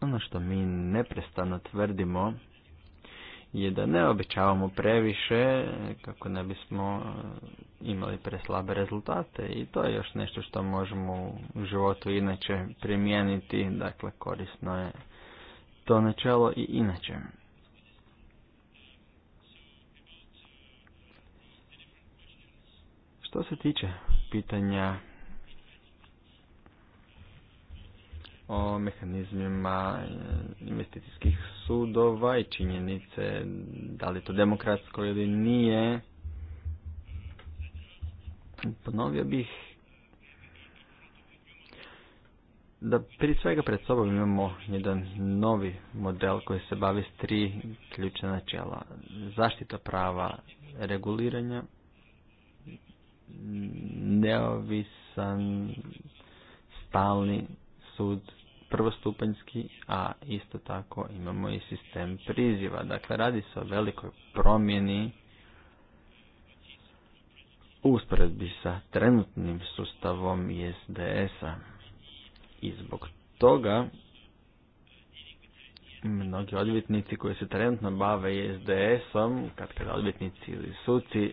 ono što mi neprestano tvrdimo je da ne obećavamo previše kako ne bismo e, imali preslabe rezultate i to je još nešto što možemo u životu inače primijeniti, dakle korisno je to načelo i inače. Što se tiče pitanja o mehanizmima investicijskih sudova i činjenice da li to demokratsko ili nije. Ponovio bih da prije svega pred sobom imamo jedan novi model koji se bavi s tri ključna načela. Zaštita prava reguliranja, neovisan stalni sud prvostupanjski, a isto tako imamo i sistem priziva. Dakle, radi se o velikoj promjeni u usporedbi sa trenutnim sustavom ISDS-a. I zbog toga mnogi odvjetnici koji se trenutno bave ISDS-om, kad kada odvjetnici ili suci,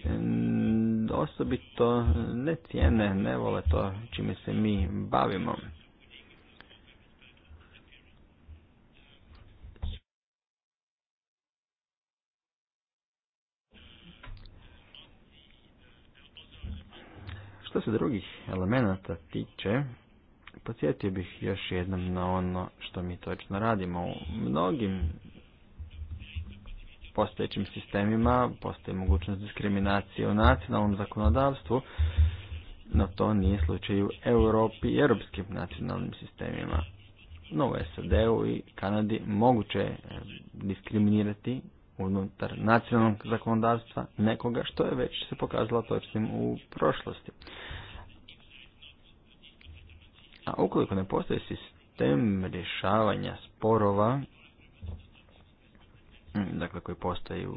osobito ne cijene, ne vole to čime se mi bavimo. Što se drugih elemenata tiče, podsjetio bih još jednom na ono što mi točno radimo. U mnogim postojećim sistemima postoji mogućnost diskriminacije u nacionalnom zakonodavstvu, no to nije slučaj u Europi i europskim nacionalnim sistemima. No u SAD-u i Kanadi moguće je diskriminirati unutar nacionalnog zakonodavstva nekoga što je već se pokazalo točnim u prošlosti. A ukoliko ne postoji sistem rješavanja sporova, dakle koji postoji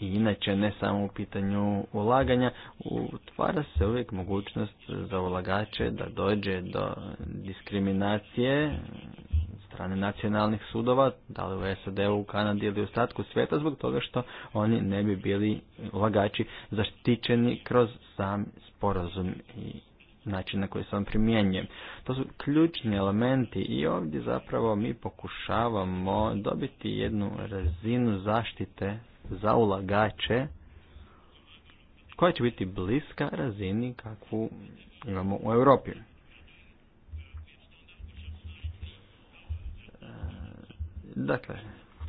i inače ne samo u pitanju ulaganja, utvara se uvijek mogućnost za ulagače da dođe do diskriminacije strane nacionalnih sudova, da li u SAD-u, u Kanadi ili u ostatku svijeta, zbog toga što oni ne bi bili lagači zaštićeni kroz sam sporazum i način na koji se on primjenjuje. To su ključni elementi i ovdje zapravo mi pokušavamo dobiti jednu razinu zaštite za ulagače koja će biti bliska razini kakvu imamo u Europi. Dakle,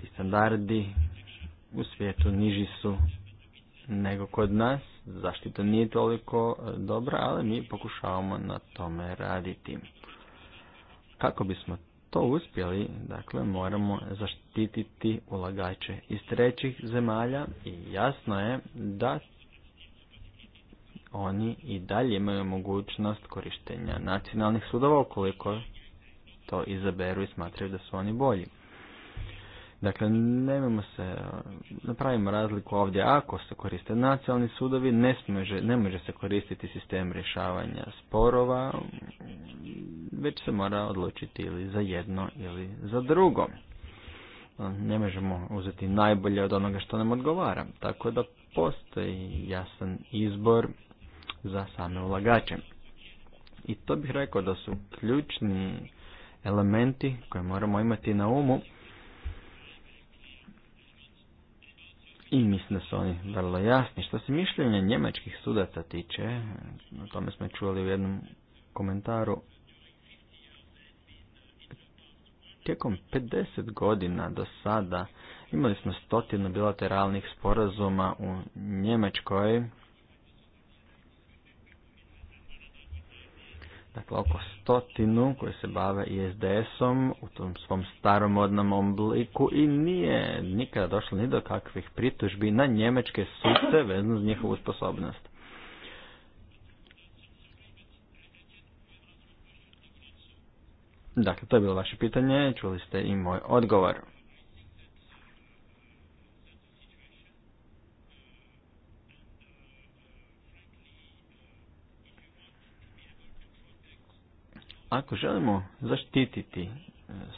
ti standardi u svijetu niži su nego kod nas. Zaštita nije toliko e, dobra, ali mi pokušavamo na tome raditi. Kako bismo to uspjeli, dakle, moramo zaštititi ulagače iz trećih zemalja i jasno je da oni i dalje imaju mogućnost korištenja nacionalnih sudova ukoliko to izaberu i smatraju da su oni bolji. Dakle, nemojmo se, napravimo razliku ovdje. Ako se koriste nacionalni sudovi, ne, smije, ne može se koristiti sistem rješavanja sporova, već se mora odlučiti ili za jedno ili za drugo. Ne možemo uzeti najbolje od onoga što nam odgovara. Tako da postoji jasan izbor za same ulagače. I to bih rekao da su ključni elementi koje moramo imati na umu i mislim da su oni vrlo jasni. Što se mišljenje njemačkih sudaca tiče, o tome smo čuli u jednom komentaru, tijekom 50 godina do sada imali smo stotinu bilateralnih sporazuma u Njemačkoj dakle oko stotinu koji se bave ISDS-om u tom svom staromodnom obliku i nije nikada došlo ni do kakvih pritužbi na njemečke suce vezano uz njihovu sposobnost. Dakle, to je bilo vaše pitanje, čuli ste i moj odgovor. Ako želimo zaštititi e,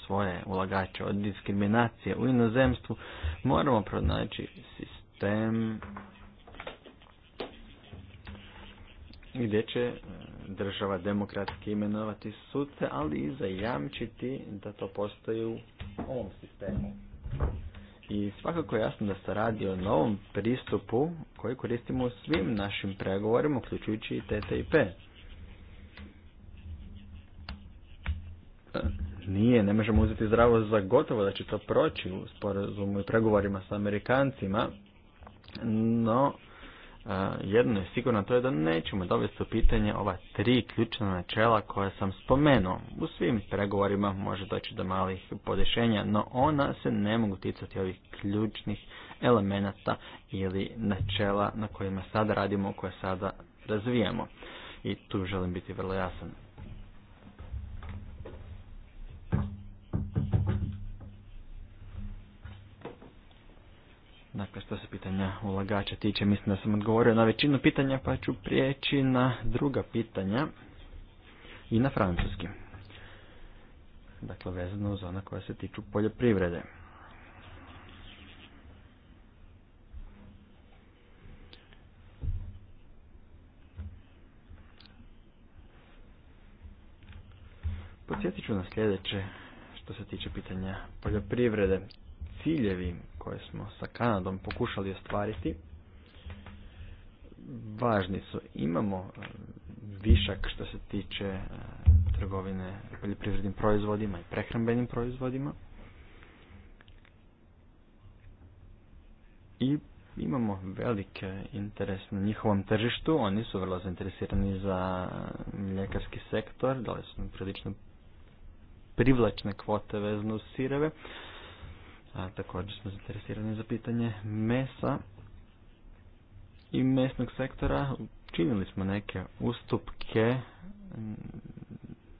svoje ulagače od diskriminacije u inozemstvu, moramo pronaći sistem gdje će e, država demokratski imenovati suce, ali i zajamčiti da to postoji u ovom sistemu. I svakako je jasno da se radi o novom pristupu koji koristimo u svim našim pregovorima, uključujući i TTIP. nije, ne možemo uzeti zdravo za gotovo da će to proći u sporazumu i pregovorima sa Amerikancima, no jedno je sigurno to je da nećemo dovesti u pitanje ova tri ključna načela koja sam spomenuo. U svim pregovorima može doći do malih podešenja, no ona se ne mogu ticati ovih ključnih elemenata ili načela na kojima sada radimo, koje sada razvijamo. I tu želim biti vrlo jasan. Dakle, što se pitanja ulagača tiče, mislim da sam odgovorio na većinu pitanja, pa ću prijeći na druga pitanja i na francuski. Dakle, vezano uz ona koja se tiču poljoprivrede. Podsjetit ću na sljedeće što se tiče pitanja poljoprivrede ciljevi koje smo sa Kanadom pokušali ostvariti važni su. Imamo e, višak što se tiče e, trgovine poljoprivrednim proizvodima i prehrambenim proizvodima. I imamo velike interes na njihovom tržištu. Oni su vrlo zainteresirani za mljekarski sektor. Dali su prilično privlačne kvote vezno u sireve također smo zainteresirani za pitanje mesa i mesnog sektora. Činili smo neke ustupke,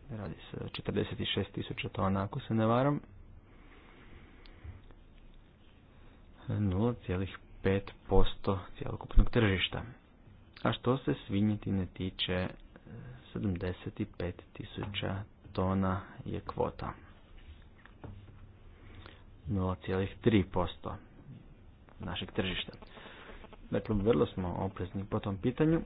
radi se o 46 tisuća tona ako se ne varam. 0,5% cijelokupnog tržišta. A što se svinjetine tiče, 75 tisuća tona je kvota. 0,3% našeg tržišta. Dakle, vrlo smo oprezni po tom pitanju.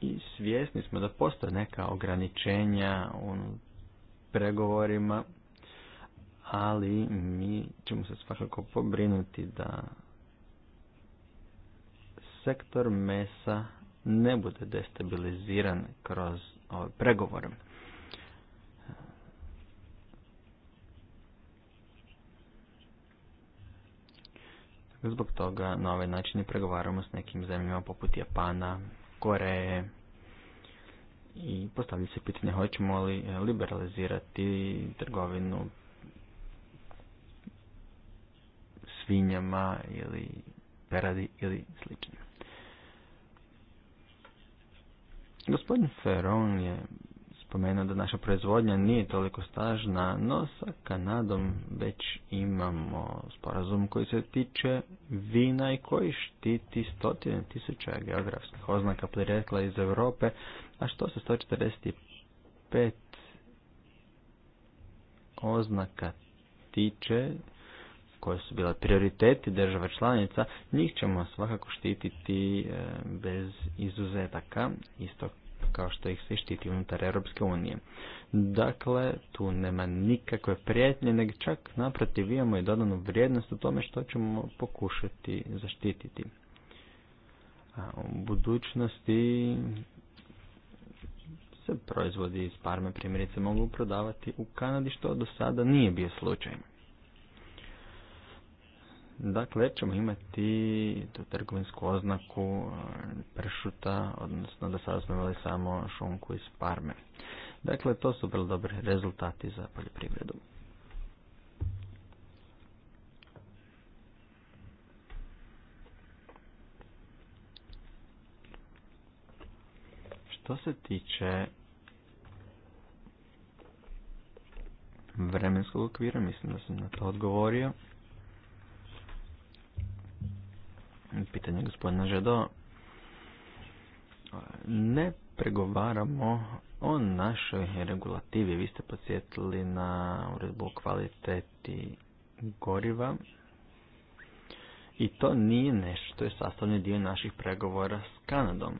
I svjesni smo da postoje neka ograničenja u pregovorima, ali mi ćemo se svakako pobrinuti da sektor mesa ne bude destabiliziran kroz pregovorom pregovorom. Zbog toga na ovaj način pregovaramo s nekim zemljama poput Japana, Koreje i postavlja se pitanje hoćemo li e, liberalizirati trgovinu svinjama ili peradi ili slično. Gospodin Ferron je spomenuo da naša proizvodnja nije toliko stažna, no sa Kanadom već imamo sporazum koji se tiče vina i koji štiti stotine tisuća geografskih oznaka prirekla iz Europe, a što se 145 oznaka tiče, koje su bile prioriteti država članica, njih ćemo svakako štititi e, bez izuzetaka, isto kao što ih se štiti unutar Europske unije. Dakle, tu nema nikakve prijetnje, nego čak naprotiv imamo i dodanu vrijednost u tome što ćemo pokušati zaštititi. A u budućnosti se proizvodi iz parme primjerice mogu prodavati u Kanadi, što do sada nije bio slučaj. Dakle, ćemo imati tu trgovinsku oznaku e, pršuta, odnosno da imali samo šunku iz parme. Dakle, to su vrlo dobri rezultati za poljoprivredu. Što se tiče vremenskog okvira, mislim da sam na to odgovorio. Pitanje gospodina Žedo, Ne pregovaramo o našoj regulativi. Vi ste podsjetili na uredbu o kvaliteti goriva. I to nije nešto što je sastavni dio naših pregovora s Kanadom.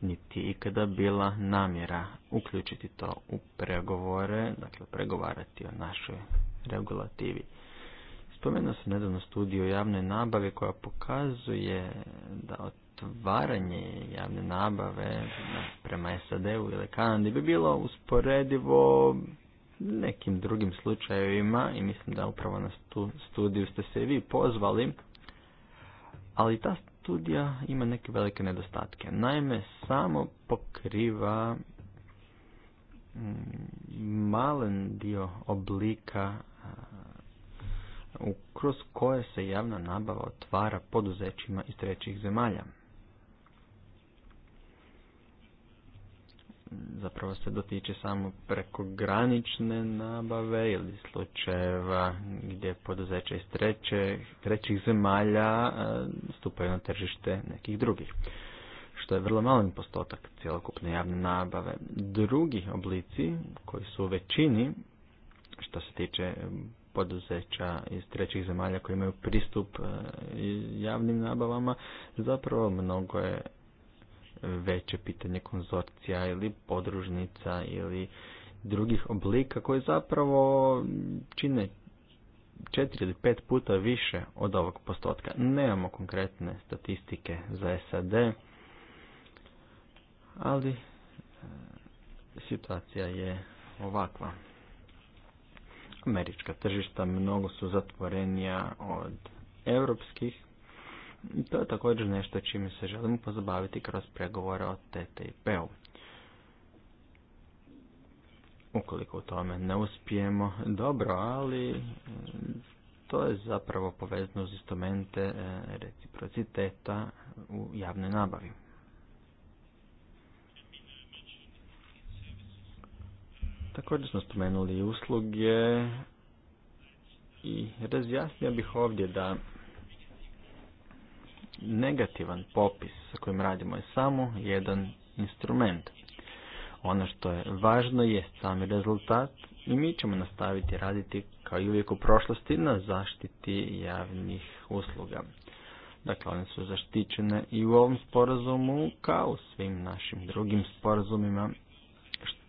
Niti ikada bila namjera uključiti to u pregovore, dakle pregovarati o našoj regulativi. Spomenuo sam nedavno studiju javne nabave koja pokazuje da otvaranje javne nabave prema SAD-u ili Kanadi bi bilo usporedivo nekim drugim slučajevima i mislim da upravo na tu studiju ste se i vi pozvali, ali ta studija ima neke velike nedostatke. Naime, samo pokriva mm, malen dio oblika kroz koje se javna nabava otvara poduzećima iz trećih zemalja. Zapravo se dotiče samo granične nabave ili slučajeva gdje poduzeće iz treće, trećih zemalja e, stupaju na tržište nekih drugih što je vrlo mali postotak cjelokupne javne nabave. Drugi oblici koji su u većini što se tiče poduzeća iz trećih zemalja koji imaju pristup e, javnim nabavama, zapravo mnogo je veće pitanje konzorcija ili podružnica ili drugih oblika koji zapravo čine četiri ili pet puta više od ovog postotka. Nemamo konkretne statistike za SAD, ali e, situacija je ovakva. Američka tržišta mnogo su zatvorenija od europskih. To je također nešto čime se želimo pozabaviti kroz pregovore o TTIP-u. Ukoliko u tome ne uspijemo, dobro, ali e, to je zapravo povezano uz instrumente e, reciprociteta u javnoj nabavi. Također smo spomenuli i usluge i razjasnio bih ovdje da negativan popis sa kojim radimo je samo jedan instrument. Ono što je važno je sami rezultat i mi ćemo nastaviti raditi kao i uvijek u prošlosti na zaštiti javnih usluga. Dakle, one su zaštićene i u ovom sporazumu kao u svim našim drugim sporazumima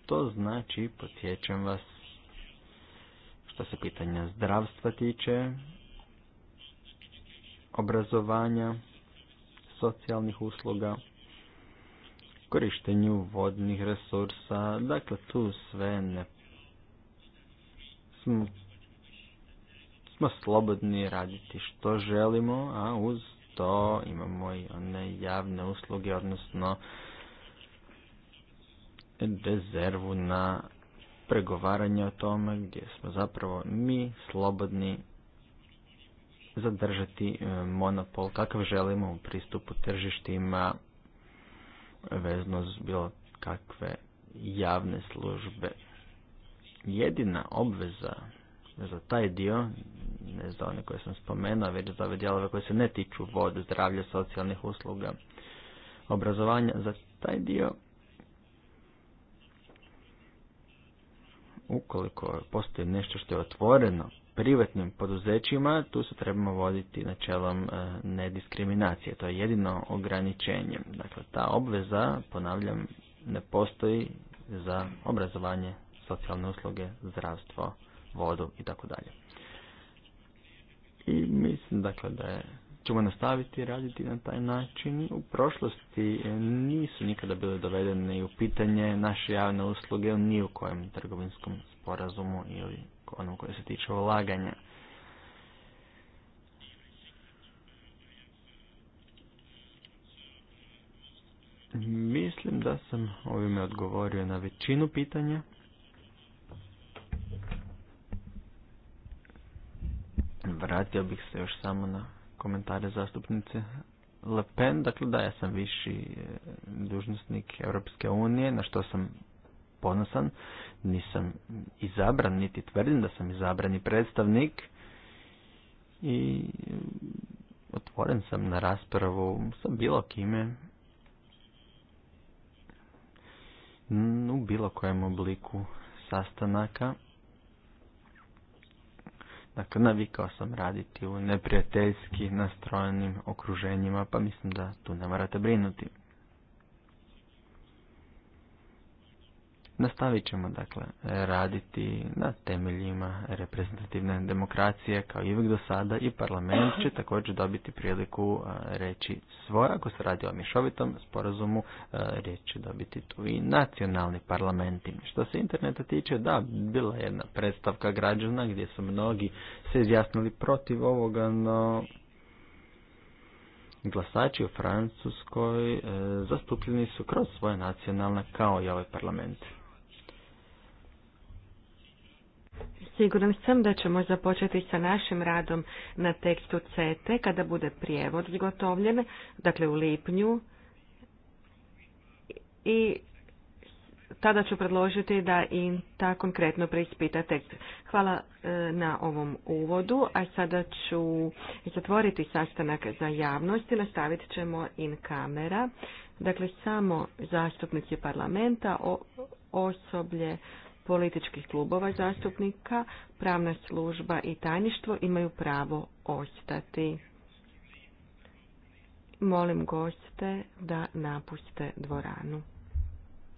to znači, podsjećam vas, što se pitanja zdravstva tiče, obrazovanja, socijalnih usluga, korištenju vodnih resursa, dakle tu sve ne smo, smo slobodni raditi što želimo, a uz to imamo i one javne usluge, odnosno rezervu na pregovaranje o tome gdje smo zapravo mi slobodni zadržati e, monopol kakav želimo u pristupu tržištima vezno s bilo kakve javne službe. Jedina obveza za taj dio, ne za one koje sam spomenuo, već za ove dijelove koje se ne tiču vode, zdravlja, socijalnih usluga, obrazovanja, za taj dio ukoliko postoji nešto što je otvoreno privatnim poduzećima, tu se trebamo voditi načelom e, nediskriminacije. To je jedino ograničenje. Dakle, ta obveza, ponavljam, ne postoji za obrazovanje, socijalne usluge, zdravstvo, vodu i tako dalje. I mislim dakle da je ćemo nastaviti raditi na taj način. U prošlosti e, nisu nikada bile dovedene i u pitanje naše javne usluge ni u kojem trgovinskom sporazumu ili onom koje se tiče ulaganja. Mislim da sam ovime odgovorio na većinu pitanja. Vratio bih se još samo na komentare zastupnice Le Pen. Dakle, da, ja sam viši eh, dužnosnik Europske unije, na što sam ponosan. Nisam izabran, niti tvrdim da sam izabrani predstavnik. I eh, otvoren sam na raspravu sa bilo kime u bilo kojem obliku sastanaka Dakle, navikao sam raditi u neprijateljski nastrojenim okruženjima, pa mislim da tu ne morate brinuti. Nastavit ćemo dakle raditi na temeljima reprezentativne demokracije kao i uvijek do sada i parlament će također dobiti priliku reći svoje. Ako se radi o mišovitom sporazumu, riječ će dobiti tu i nacionalni parlamenti. Što se interneta tiče, da, bila je jedna predstavka građana gdje su mnogi se izjasnili protiv ovoga, no glasači u Francuskoj e, zastupljeni su kroz svoje nacionalne kao i ovaj parlament. Siguran sam da ćemo započeti sa našim radom na tekstu CT kada bude prijevod zgotovljen, dakle u lipnju. I tada ću predložiti da i ta konkretno preispita tekst. Hvala e, na ovom uvodu, a sada ću zatvoriti sastanak za javnost i nastavit ćemo in kamera. Dakle, samo zastupnici parlamenta, osoblje političkih klubova zastupnika, pravna služba i tajništvo imaju pravo ostati. Molim goste da napuste dvoranu.